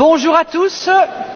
bonjour à tous.